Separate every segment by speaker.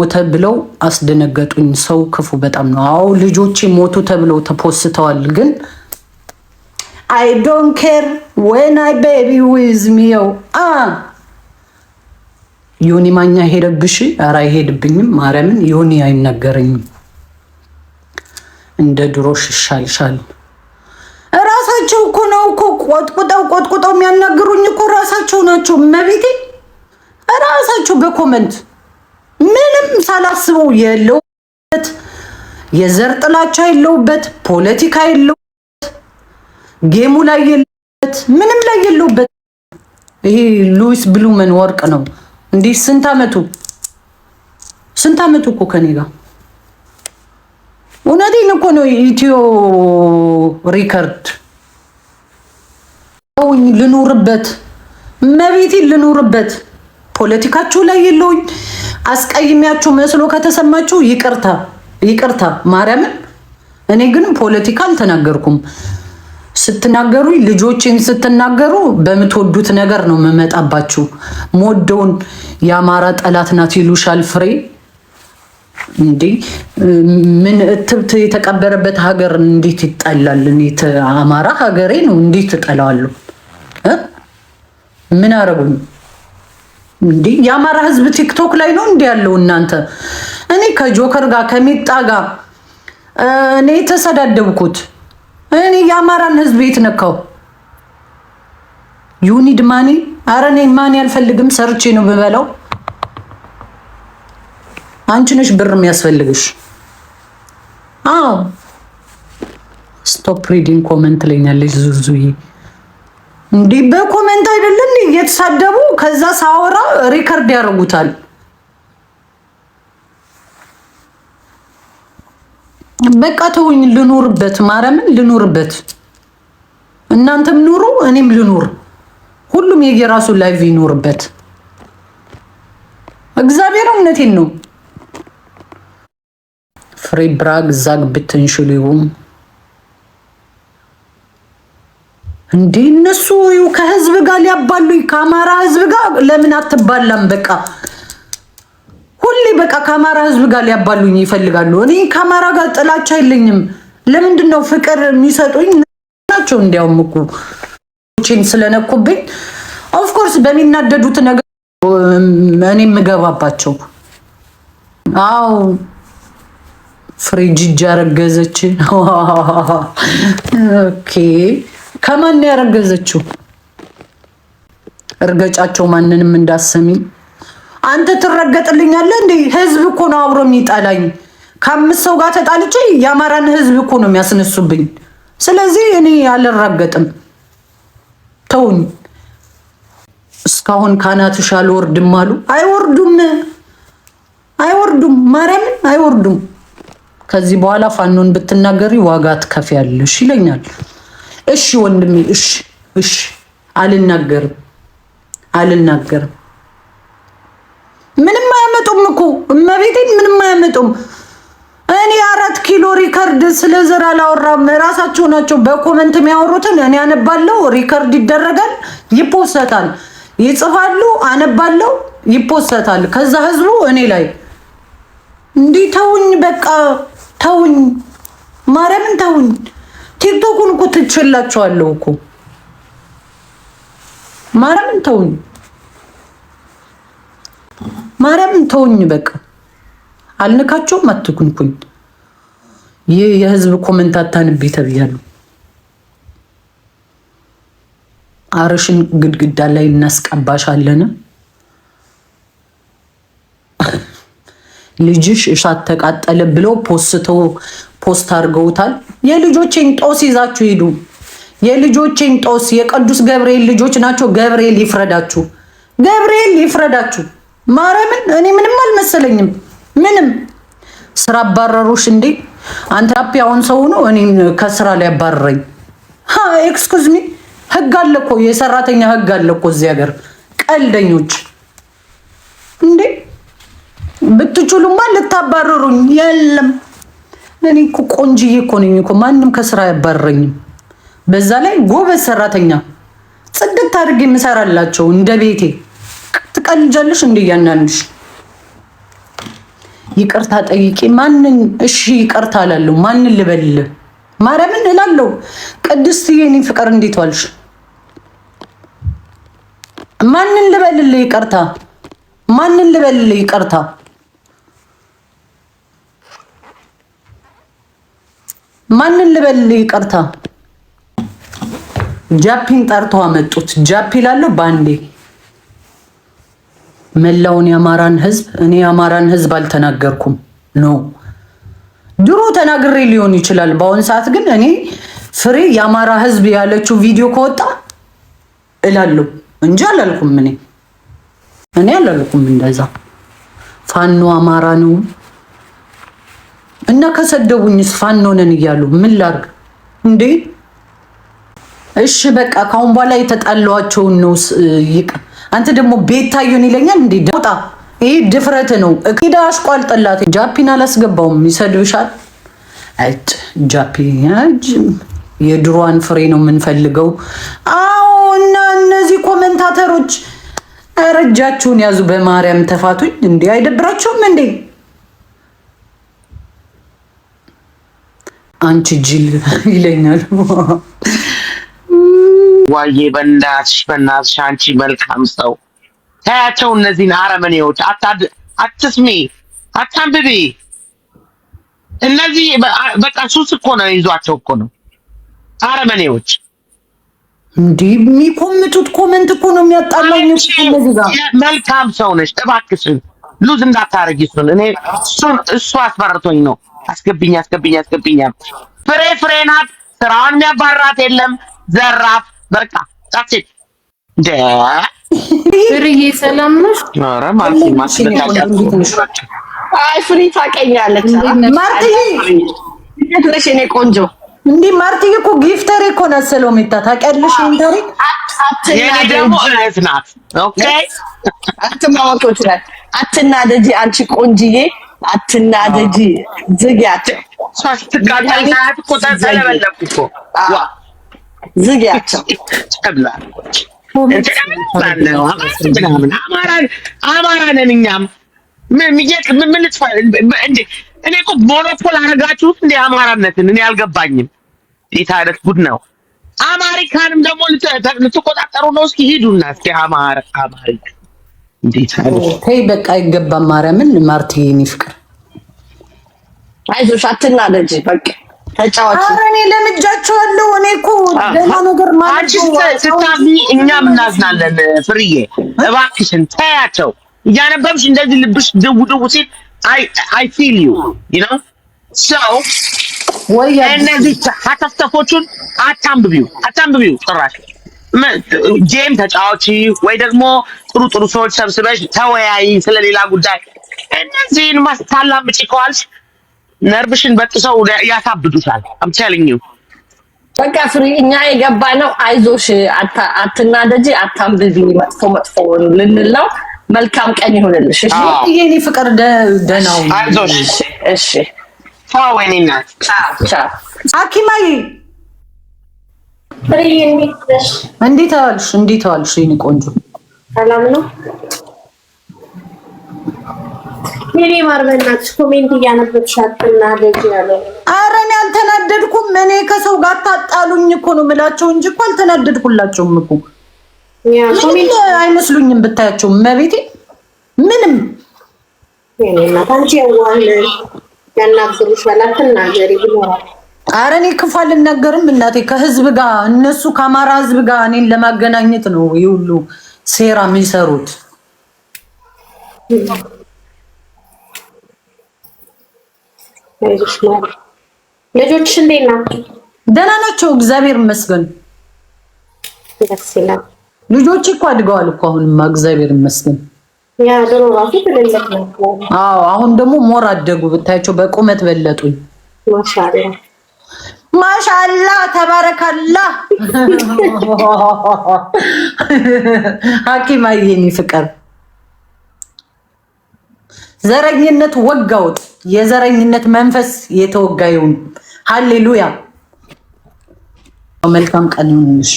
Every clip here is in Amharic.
Speaker 1: ሞተ ብለው አስደነገጡኝ። ሰው ክፉ በጣም ነው። አዎ ልጆቼ ሞቱ ተብለው ተፖስተዋል። ግን አይ ዶን ኬር ወን አይ ቤቢ ዊዝ ሚየው ዮኒ ማኛ ሄደብሽ? ኧረ አይሄድብኝም። ማርያምን ዮኒ አይነገረኝም። እንደ ድሮ ይሻልሻል። ራሳቸው እኮ ነው እኮ ቆጥቁጠው ቆጥቁጠው የሚያናግሩኝ እኮ ራሳቸው ናቸው። መቤቴ ራሳቸው በኮመንት ምንም ሳላስበው የለውበት የዘር ጥላቻ የለውበት ፖለቲካ የለውበት ጌሙ ላይ የለውበት ምንም ላይ የለውበት። ይሄ ሉዊስ ብሉመን ወርቅ ነው እንዲህ ስንት አመቱ ስንት አመቱ እኮ ከኔ ጋር እውነቴን እኮ ነው። ኢትዮ ሪከርድ ልኑርበት መቤቴን ልኑርበት ፖለቲካችሁ ላይ የለውኝ። አስቀይሚያችሁ መስሎ ከተሰማችሁ ይቅርታ ይቅርታ፣ ማርያምን። እኔ ግን ፖለቲካ አልተናገርኩም። ስትናገሩ ልጆችን ስትናገሩ በምትወዱት ነገር ነው የምመጣባችሁ። ሞደውን የአማራ ጠላት ናት ይሉሻል ፍሬ እንዴ ምን እትብት የተቀበረበት ሀገር እንዴት ይጠላል? አማራ ሀገሬ ነው እንዴት እጠላዋለሁ? ምን አረጉኝ? የአማራ ህዝብ ቲክቶክ ላይ ነው እንዲህ ያለው። እናንተ እኔ ከጆከር ጋር ከሚጣ ጋር እኔ የተሰዳደብኩት እኔ የአማራን ህዝብ የት ነካው? ዩኒድ ማኒ አረ እኔ ማኒ አልፈልግም፣ ሰርቼ ነው ብበለው። አንቺ ነሽ ብር የሚያስፈልግሽ። አዎ ስቶፕ ሪዲንግ ኮመንት ላይ ያለሽ እንዲህ በኮመንት አይደለም እንዴ እየተሳደቡ ከዛ ሳወራ ሪከርድ ያደርጉታል። በቃ ተውኝ፣ ልኑርበት፣ ማርያምን ልኑርበት። እናንተም ኑሩ፣ እኔም ልኑር። ሁሉም የየራሱ ላይቭ ይኑርበት። እግዚአብሔር እውነቴን ነው። ፍሬ ብራግ ዛግ ብትንሽልዩም እንዴ እነሱ ከህዝብ ጋር ሊያባሉኝ፣ ከአማራ ህዝብ ጋር ለምን አትባላም? በቃ ሁሌ በቃ ከአማራ ህዝብ ጋር ሊያባሉኝ ይፈልጋሉ። እኔ ከአማራ ጋር ጥላቻ የለኝም። ለምንድን ነው ፍቅር የሚሰጡኝ ናቸው። እንዲያውም እኮ ቼን ስለነኩብኝ ኦፍኮርስ በሚናደዱት ነገር እኔ የምገባባቸው። አዎ ፍሬጅ እጃ ረገዘች። ኦኬ ከማን ያረገዘችው? እርገጫቸው ማንንም እንዳሰሚ አንተ ትረገጥልኛለህ እንዴ? ህዝብ እኮ ነው አብሮ የሚጠላኝ። ከአምስት ሰው ጋር ተጣልቼ የአማራን ህዝብ እኮ ነው የሚያስነሱብኝ። ስለዚህ እኔ አልረገጥም፣ ተውኝ። እስካሁን ካናትሽ አልወርድም አሉ። አይወርዱም፣ አይወርዱም፣ ማርያምን አይወርዱም። ከዚህ በኋላ ፋኖን ብትናገሪ ዋጋ ትከፍያለሽ ይለኛል። እሺ ወንድሜ፣ እሺ፣ እሺ፣ አልናገርም፣ አልናገርም። ምንም አያመጡም እኮ እመቤቴን፣ ምንም አያመጡም። እኔ አራት ኪሎ ሪከርድ ስለ ዘር አላወራም። ራሳቸው ናቸው በኮመንት የሚያወሩትን እኔ አነባለሁ። ሪከርድ ይደረጋል፣ ይፖሰታል፣ ይጽፋሉ፣ አነባለሁ፣ ይፖሰታል። ከዛ ህዝቡ እኔ ላይ እንዲህ ተውኝ፣ በቃ ተውኝ፣ ማርያምን ተውኝ። ቲክቶኩን እኮ ትችላችኋለሁ እኮ ማርያምን ተውኝ፣ ማርያምን ተውኝ። በቃ አልነካቸውም። አትኩንኩኝ። ይህ የህዝብ ኮመንታታንቤ ተብያለሁ። አረሽን ግድግዳ ላይ እናስቀባሻለን። ልጅሽ እሳት ተቃጠለ ብለው ፖስተው ፖስት አድርገውታል። የልጆቼን ጦስ ይዛችሁ ሂዱ። የልጆቼን ጦስ የቅዱስ ገብርኤል ልጆች ናቸው። ገብርኤል ይፍረዳችሁ፣ ገብርኤል ይፍረዳችሁ። ማርያምን እኔ ምንም አልመሰለኝም። ምንም ስራ አባረሩሽ እንዴ? አንተ አሁን ሰው ሆኖ እኔም ከስራ ላይ አባረረኝ። ኤክስኩዝ ሚ ህግ አለ እኮ የሰራተኛ ህግ አለ እኮ እዚህ ሀገር። ቀልደኞች እንዴ! ብትችሉማ ልታባረሩኝ የለም እኔ እኮ ቆንጅዬ እኮ ነኝ እኮ ማንም ከስራ አያባረኝም። በዛ ላይ ጎበዝ ሰራተኛ ጽድት አድርጌ የምሰራላቸው እንደ ቤቴ። ትቀልጃለሽ እንደ እያንዳንዱሽ ይቅርታ ጠይቄ ማንን እሺ ይቅርታ አላለሁ። ማንን ልበል? ማርያምን እላለሁ። ቅድስት እኔ ፍቅር እንዴት ዋልሽ? ማንን ልበልልህ ይቅርታ? ማንን ልበልልህ ይቅርታ? ማንን ልበል? ይቅርታ ጃፒን ጠርተው አመጡት። ጃፒ ላለው ባንዴ መላውን የአማራን ህዝብ እኔ የአማራን ህዝብ አልተናገርኩም ነው ድሮ ተናግሬ ሊሆን ይችላል። በአሁን ሰዓት ግን እኔ ፍሬ የአማራ ህዝብ ያለችው ቪዲዮ ከወጣ እላለሁ እንጂ አላልኩም። እኔ እኔ አላልኩም እንደዛ ፋኖ አማራ ነው እና ከሰደቡኝስ ፋኖ ነን እያሉ ምን ላርግ እንዴ? እሺ በቃ ካሁን በኋላ የተጣላኋቸውን ነው ይቅ አንተ ደግሞ ቤታየን ይለኛል እንዴ? ደውጣ ይሄ ድፍረት ነው። እቅዳ አሽቋል ጃፒን አላስገባውም ይሰድብሻል። እጭ ጃፒ የድሮዋን ፍሬ ነው የምንፈልገው። አዎ እና እነዚህ ኮመንታተሮች ረጃችሁን ያዙ። በማርያም ተፋቱኝ እንዴ አይደብራችሁም እንዴ? አንቺ ጅል ይለኛል።
Speaker 2: ዋዬ በእናትሽ በእናትሽ አንቺ መልካም ሰው ታያቸው እነዚህን አረመኔዎች አትስሚ፣ አታንብቢ። እነዚህ በቃ ሱስ እኮ ነው ይዟቸው እኮ ነው አረመኔዎች።
Speaker 1: እንዲህ የሚኮምቱት ኮመንት እኮ ነው የሚያጣላኝ።
Speaker 2: መልካም ሰው ነች። እባክሽን ሉዝ እንዳታረጊ እሱን። እኔ እሱ አስፈርቶኝ ነው አስገብኝ አስገብኝ አስገብኝ። ፍሬ ፍሬ ናት። ስራዋን የሚያባራት የለም። ዘራፍ በቃ ጻፍ እንደ
Speaker 1: ፍሬዬ ሰላም ነሽ?
Speaker 2: ኧረ ማርፊ አይ ፍሪ ታውቀኛለች። ማርቲዬ እንዴት ነሽ የእኔ ቆንጆ?
Speaker 1: እንዴ ማርቲዬ እኮ ጊፍተር እኮ ናት። ሰሎሜታ ታውቂያለሽ? እንታሪ
Speaker 2: የኔ ደግሞ እህት ናት። ኦኬ
Speaker 1: አትማወቅ ይችላል። አትናደጂ አንቺ ቆንጅዬ አትናደጂ፣ ዝጊያቸው፣ ዝጊያቸው።
Speaker 2: አማራ ነን እኛም ምን እኔ እኮ ሞኖፖል አማራነትን እኔ አልገባኝም። ይህ አይነት ጉድ ነው። አማሪካንም ደግሞ ልትቆጣጠሩ ነው። እስኪ ሂዱና እስኪ አማሪካ
Speaker 1: ተይ በቃ አይገባም። ማርያምን ማርቲ ፍቅር አይዞሽ፣ አትናደጂ። በቃ ተጫዋች እኔ ለምጃቸዋለሁ። እኔ እኮ ደህና
Speaker 2: ነገር ማለት ስታሚ እኛም እናዝናለን። ፍርዬ እባክሽን ተያቸው። እያነበብሽ እንደዚህ ልብሽ ድው ድው ሲል አይ ፊል ዩ ዩ ኖ ወይ እነዚህ አታንብቢው፣ አታንብቢው ጭራሽ ጌም ተጫዋች ወይ ደግሞ ጥሩ ጥሩ ሰዎች ሰብስበሽ ተወያይ ስለሌላ ጉዳይ። እነዚህን ታላምጪ ከዋልሽ ነርቭሽን በጥሰው ያሳብዱሻል። ዩ
Speaker 1: በቃ ፍሪ እኛ የገባ ነው። አይዞሽ፣ አትናደጂ፣ አታንብቢ መጥፎ መጥፎ ልንለው። መልካም ቀን ይሁንልሽ። እሺ፣ የኔ ፍቅር ደናው
Speaker 2: አይዞሽ። እሺ፣ ቻው፣ ወይኔ ናት።
Speaker 1: ቻው ወይኔ ቻው ቻው አኪማይ እንዴት አዋልሽ? እንዴት አዋልሽ? የእኔ ቆንጆ ሰላም ነው የእኔ ማር። በእናትሽ ኮሜንት እያነበብሽ አትናደጂ ኧረ እኔ አልተናደድኩም። እኔ ከሰው ጋር ታጣሉኝ እኮ ነው የምላቸው እንጂ እኮ አልተናደድኩላቸውም እኮ አይመስሉኝም ብታያቸው፣ መቤቴ ምንም የእኔ እናት። አንቺ አረ እኔ ክፉ አልናገርም እናቴ። ከህዝብ ጋር እነሱ ከአማራ ህዝብ ጋር እኔን ለማገናኘት ነው ይህ ሁሉ ሴራ የሚሰሩት። ልጆች እንዴት ናቸው? ደህና ናቸው፣ እግዚአብሔር ይመስገን። ልጆች እኮ አድገዋል እኮ አሁንማ፣ እግዚአብሔር ይመስገን። አሁን ደግሞ ሞር አደጉ ብታያቸው፣ በቁመት በለጡኝ። ማሻአላህ ማሻላ ተባረካላ ሐኪም አየኔ ፍቅር ዘረኝነት ወጋውት የዘረኝነት መንፈስ የተወጋዩን ሀሌሉያ። መልካም ቀን ይሁንልሽ።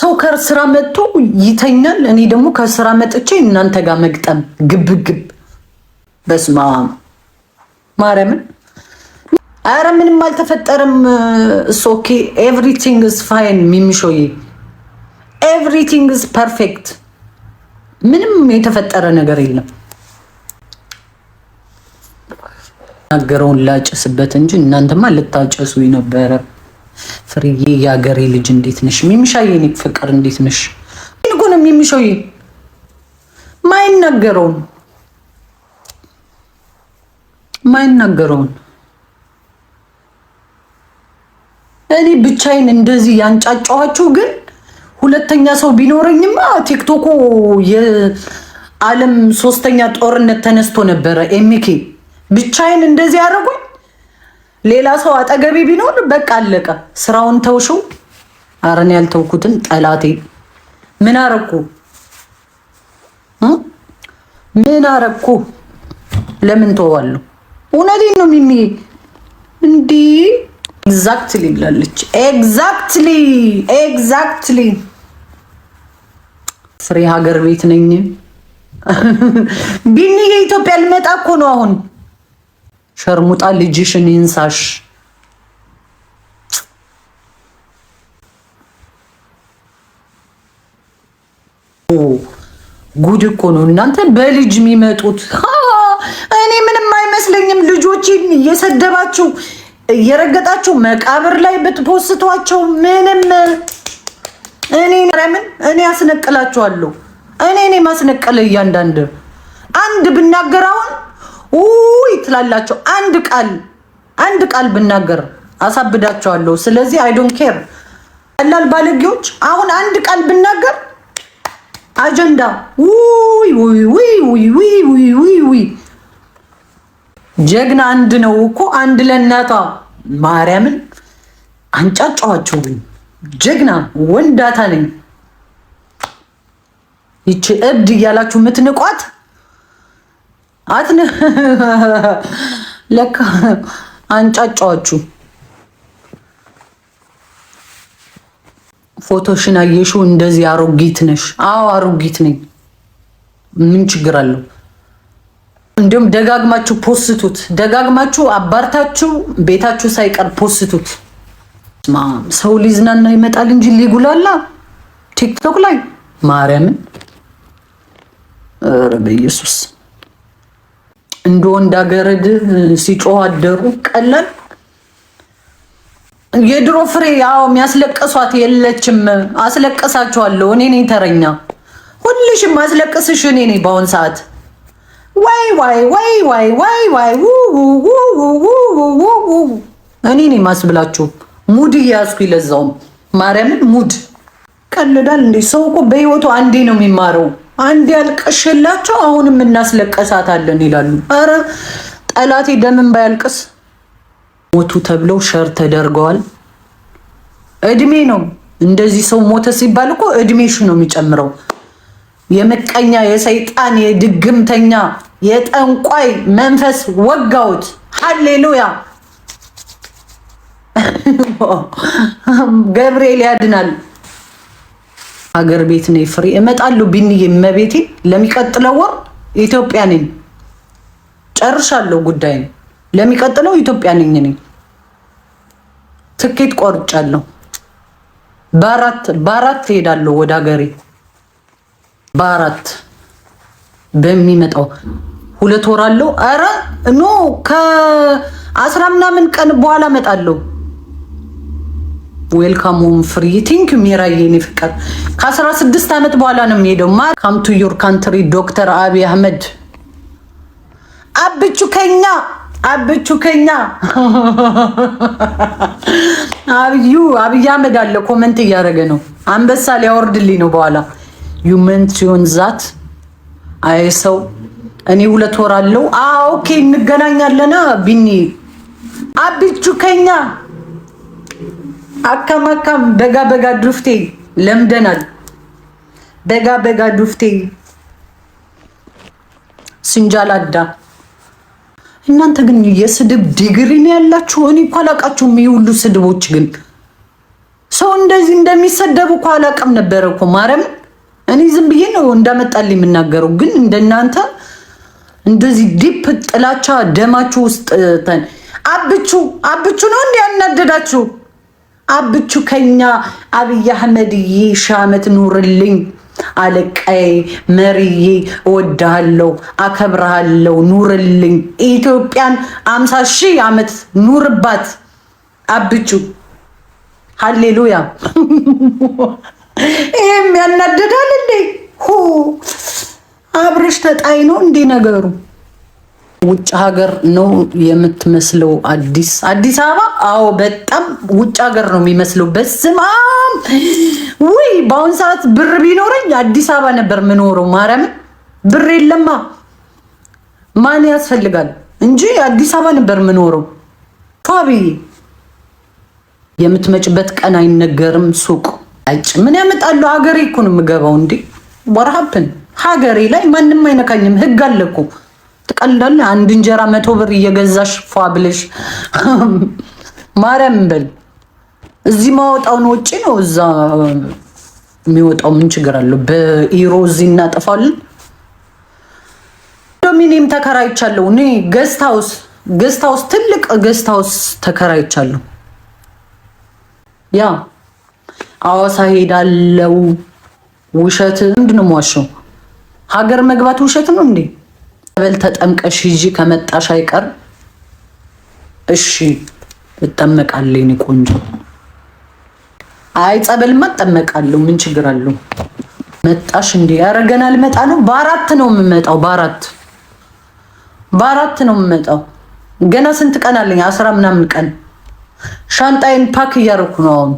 Speaker 1: ሰው ከስራ መጥቶ ይተኛል። እኔ ደግሞ ከስራ መጥቼ እናንተ ጋር መግጠም ግብግብ በስማም ማርያምን አረ ምንም አልተፈጠረም። እስ ኤቭሪቲንግ ኢዝ ፋይን ሚሚሾዬ ኤቭሪቲንግ ኢዝ ፐርፌክት። ምንም የተፈጠረ ነገር የለም። ናገረውን ላጨስበት እንጂ እናንተማ ልታጨሱ ነበረ። ፍርዬ የአገሬ ልጅ እንዴት ነሽ? ሚሚሻዬ ፍቅር እንዴት ነሽ? ይልቁንም የሚሚሾዬ ማይናገረውን ማይናገረውን እኔ ብቻዬን እንደዚህ ያንጫጫኋችሁ ግን ሁለተኛ ሰው ቢኖረኝማ ቲክቶኩ የዓለም ሶስተኛ ጦርነት ተነስቶ ነበረ። ኤሚኬ ብቻዬን እንደዚህ ያደረጉኝ ሌላ ሰው አጠገቤ ቢኖር በቃ አለቀ። ስራውን ተውሽው። አረን እኔ ያልተውኩትን ጠላቴ ምን አረኩ? ምን አረኩ? ለምን ተዋለሁ? እውነቴን ነው ሚሚ እንዲ ኤግዛክትሊ ብላለች። ኤግዛክትሊ ኤግዛክትሊ ፍሬ ሀገር ቤት ነኝ። ቢኒ የኢትዮጵያ ልመጣ እኮ ነው አሁን። ሸርሙጣ ልጅሽን ይንሳሽ። ጉድ እኮ ነው እናንተ በልጅ የሚመጡት ሰዎችን እየሰደባችሁ እየረገጣችሁ መቃብር ላይ ብትፖስቷቸው ምንም እኔ ረምን እኔ አስነቅላችኋለሁ። እኔ እኔ ማስነቀለ እያንዳንድ አንድ ብናገር አሁን ውይ ትላላቸው። አንድ ቃል አንድ ቃል ብናገር አሳብዳቸዋለሁ። ስለዚህ አይ ዶንት ኬር ቀላል ባለጌዎች። አሁን አንድ ቃል ብናገር አጀንዳ ውይ ውይ ውይ ውይ ውይ ውይ ጀግና አንድ ነው እኮ አንድ ለእናቷ ማርያምን አንጫጫዋቸው። ጀግና ወንዳታ ነኝ። ይቺ እብድ እያላችሁ የምትንቋት አትነ ለካ አንጫጫዋችሁ። ፎቶሽን አየሽው? እንደዚህ አሮጊት ነሽ። አዎ አሮጊት ነኝ። ምን ችግር አለው? እንዲሁም ደጋግማችሁ ፖስቱት፣ ደጋግማችሁ አባርታችሁ ቤታችሁ ሳይቀር ፖስቱት። ሰው ሊዝናና ይመጣል እንጂ ሊጉላላ ቲክቶክ ላይ ማርያምን፣ ኧረ በኢየሱስ እንደ ወንድ አገረድ ሲጮህ አደሩ። ቀላል የድሮ ፍሬ ያው የሚያስለቀሷት የለችም። አስለቀሳችኋለሁ። እኔ ነኝ ተረኛ፣ ሁልሽም አስለቅስሽ እኔ ነኝ በአሁን ሰዓት ወይ ወይ ወይ ወይ ወይ ወይ እኔ ነኝ ማስብላችሁ። ሙድ እያያዝኩ ይለዛውም ማርያምን ሙድ ቀልዳል እንዴ! ሰው እኮ በህይወቱ አንዴ ነው የሚማረው። አንዴ ያልቀሽላቸው አሁንም እናስለቀሳታለን ይላሉ። አረ ጠላቴ ደምን ባያልቅስ ሞቱ ተብለው ሸር ተደርገዋል። እድሜ ነው እንደዚህ ሰው ሞተ ሲባል እኮ እድሜሽ ነው የሚጨምረው። የምቀኛ የሰይጣን የድግምተኛ የጠንቋይ መንፈስ ወጋውት። ሀሌሉያ ገብርኤል ያድናል። ሀገር ቤት ነኝ ፍሬ እመጣለሁ። ቢንዬ መቤቴ ለሚቀጥለው ወር ኢትዮጵያ ነኝ። ጨርሻለሁ ጉዳይ ለሚቀጥለው ኢትዮጵያ ነኝ። ነኝ ትኬት ቆርጫለሁ። በአራት በአራት እሄዳለሁ ወደ ሀገሬ በአራት በሚመጣው ሁለት ወር አለው። አረ ኖ ከአስራ ምናምን ቀን በኋላ እመጣለሁ። ዌልካም ሆም ፍሪ ቲንክ ሜራ የኔ ፍቃድ ከአስራ ስድስት ዓመት በኋላ ነው የሚሄደው። ማ ካም ቱ ዩር ካንትሪ ዶክተር አብይ አህመድ አብቹ ከኛ አብቹ ከኛ አብዩ አብይ አህመድ አለ ኮመንት እያደረገ ነው። አንበሳ ሊያወርድልኝ ነው በኋላ ዩመንት ሲሆን ዛት አይ ሰው እኔ ሁለት ወር አለው። አዎ ኦኬ፣ እንገናኛለና ቢኒ አብቹ ከኛ አካም አካም በጋ በጋ ዱፍቴ ለምደናል። በጋ በጋ ዱፍቴ ስንጃላዳ እናንተ ግን የስድብ ዲግሪ ነው ያላችሁ። እኔ እኮ አላቃችሁም። ይህ ሁሉ ስድቦች ግን ሰው እንደዚህ እንደሚሰደቡ እኮ አላቅም ነበረ እኮ ማርያምን እኔ ዝም ብዬ ነው እንዳመጣል የምናገረው። ግን እንደናንተ እንደዚህ ዲፕ ጥላቻ ደማችሁ ውስጥ አብቹ አብቹ ነው እንዲ ያናደዳችሁ። አብቹ ከኛ አብይ አህመድዬ ሺህ ዓመት ኑርልኝ አለቃዬ መሪዬ እወድሃለሁ፣ አከብረሃለሁ፣ ኑርልኝ ኢትዮጵያን አምሳ ሺህ ዓመት ኑርባት። አብቹ ሀሌሉያ ይሄም ያናደዳል እንዴ! ሆ አብርሽ ተጣይ ነው እንዴ ነገሩ? ውጭ ሀገር ነው የምትመስለው። አዲስ አዲስ አበባ አዎ፣ በጣም ውጭ ሀገር ነው የሚመስለው። በስማም ውይ! በአሁን ሰዓት ብር ቢኖረኝ አዲስ አበባ ነበር ምኖረው። ማርያምን ብር የለማ ማን ያስፈልጋል እንጂ አዲስ አበባ ነበር ምኖረው። ፋቢ የምትመጭበት ቀን አይነገርም ሱቅ አጭ ምን ያመጣለሁ? ሀገሬ እኮ ነው የምገባው እንዴ ወርሃብን ሀገሬ ላይ ማንም አይነካኝም። ህግ አለ እኮ አንድ እንጀራ መቶ ብር እየገዛሽ ፏ ብለሽ ማርያም በል እዚህ ማወጣውን ውጪ ነው እዛ የሚወጣው። ምን ችግር አለው? በኢሮ እዚህ እናጠፋለን። ዶሚኒየም ተከራይቻለሁ እኔ ገስታውስ ገስታውስ ትልቅ ገስታውስ ተከራይቻለሁ ያ አዋሳ ሄዳለው። ውሸት ምንድን ነው የምዋሸው? ሀገር መግባት ውሸት ነው እንዴ? በል ተጠምቀሽ ሂጂ ከመጣሽ አይቀር እሺ፣ እጠመቃለሁ። እኔ ቆንጆ አይ ጸበልማ እጠመቃለሁ። ምን ችግር አለው? መጣሽ እንዴ? ኧረ ገና ልመጣ ነው። በአራት ነው የምመጣው። በአራት በአራት ነው የምመጣው። ገና ስንት ቀን አለኝ? አስራ ምናምን ቀን። ሻንጣይን ፓክ እያደረኩ ነው አሁን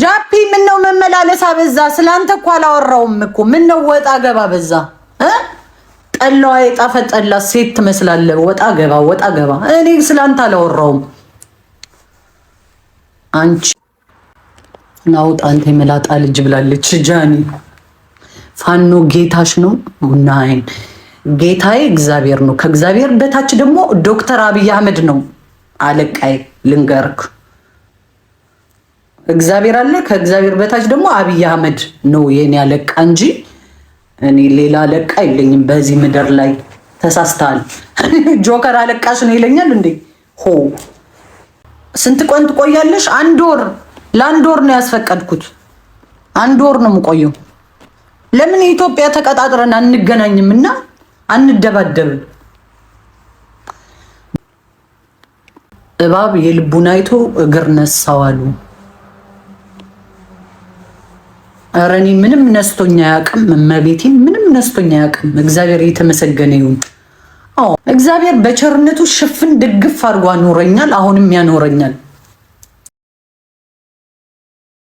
Speaker 1: ጃፒ ምን ነው መመላለስ አበዛ። ስላንተ እኮ አላወራውም እኮ ምን ነው ወጣ ገባ በዛ። ጠላዋ የጣፈጥ ጠላ ሴት ትመስላለህ። ወጣ ገባ ወጣ ገባ። እኔ ስላንተ አላወራውም። አንቺ ናውጣ አንተ የመላጣ ልጅ ብላለች ጃኒ ፋኖ ጌታሽ ነው ቡና አይን ጌታዬ እግዚአብሔር ነው። ከእግዚአብሔር በታች ደግሞ ዶክተር አብይ አህመድ ነው አለቃዬ ልንገርክ እግዚአብሔር አለ። ከእግዚአብሔር በታች ደግሞ አብይ አህመድ ነው የኔ አለቃ እንጂ እኔ ሌላ አለቃ የለኝም በዚህ ምድር ላይ። ተሳስተሃል። ጆከር አለቃሽ ነው ይለኛል እንዴ? ሆ ስንት ቀን ትቆያለሽ? አንድ ወር። ለአንድ ወር ነው ያስፈቀድኩት። አንድ ወር ነው የምቆየው። ለምን የኢትዮጵያ ተቀጣጥረን አንገናኝም እና አንደባደብም? እባብ የልቡን አይቶ እግር ነሳዋሉ። ኧረ እኔ ምንም ነስቶኛ አያውቅም። እመቤቴን ምንም ነስቶኛ አያውቅም። እግዚአብሔር እየተመሰገነ ይሁን። እግዚአብሔር በቸርነቱ ሽፍን ድግፍ አድርጎ አኖረኛል። አሁንም ያኖረኛል።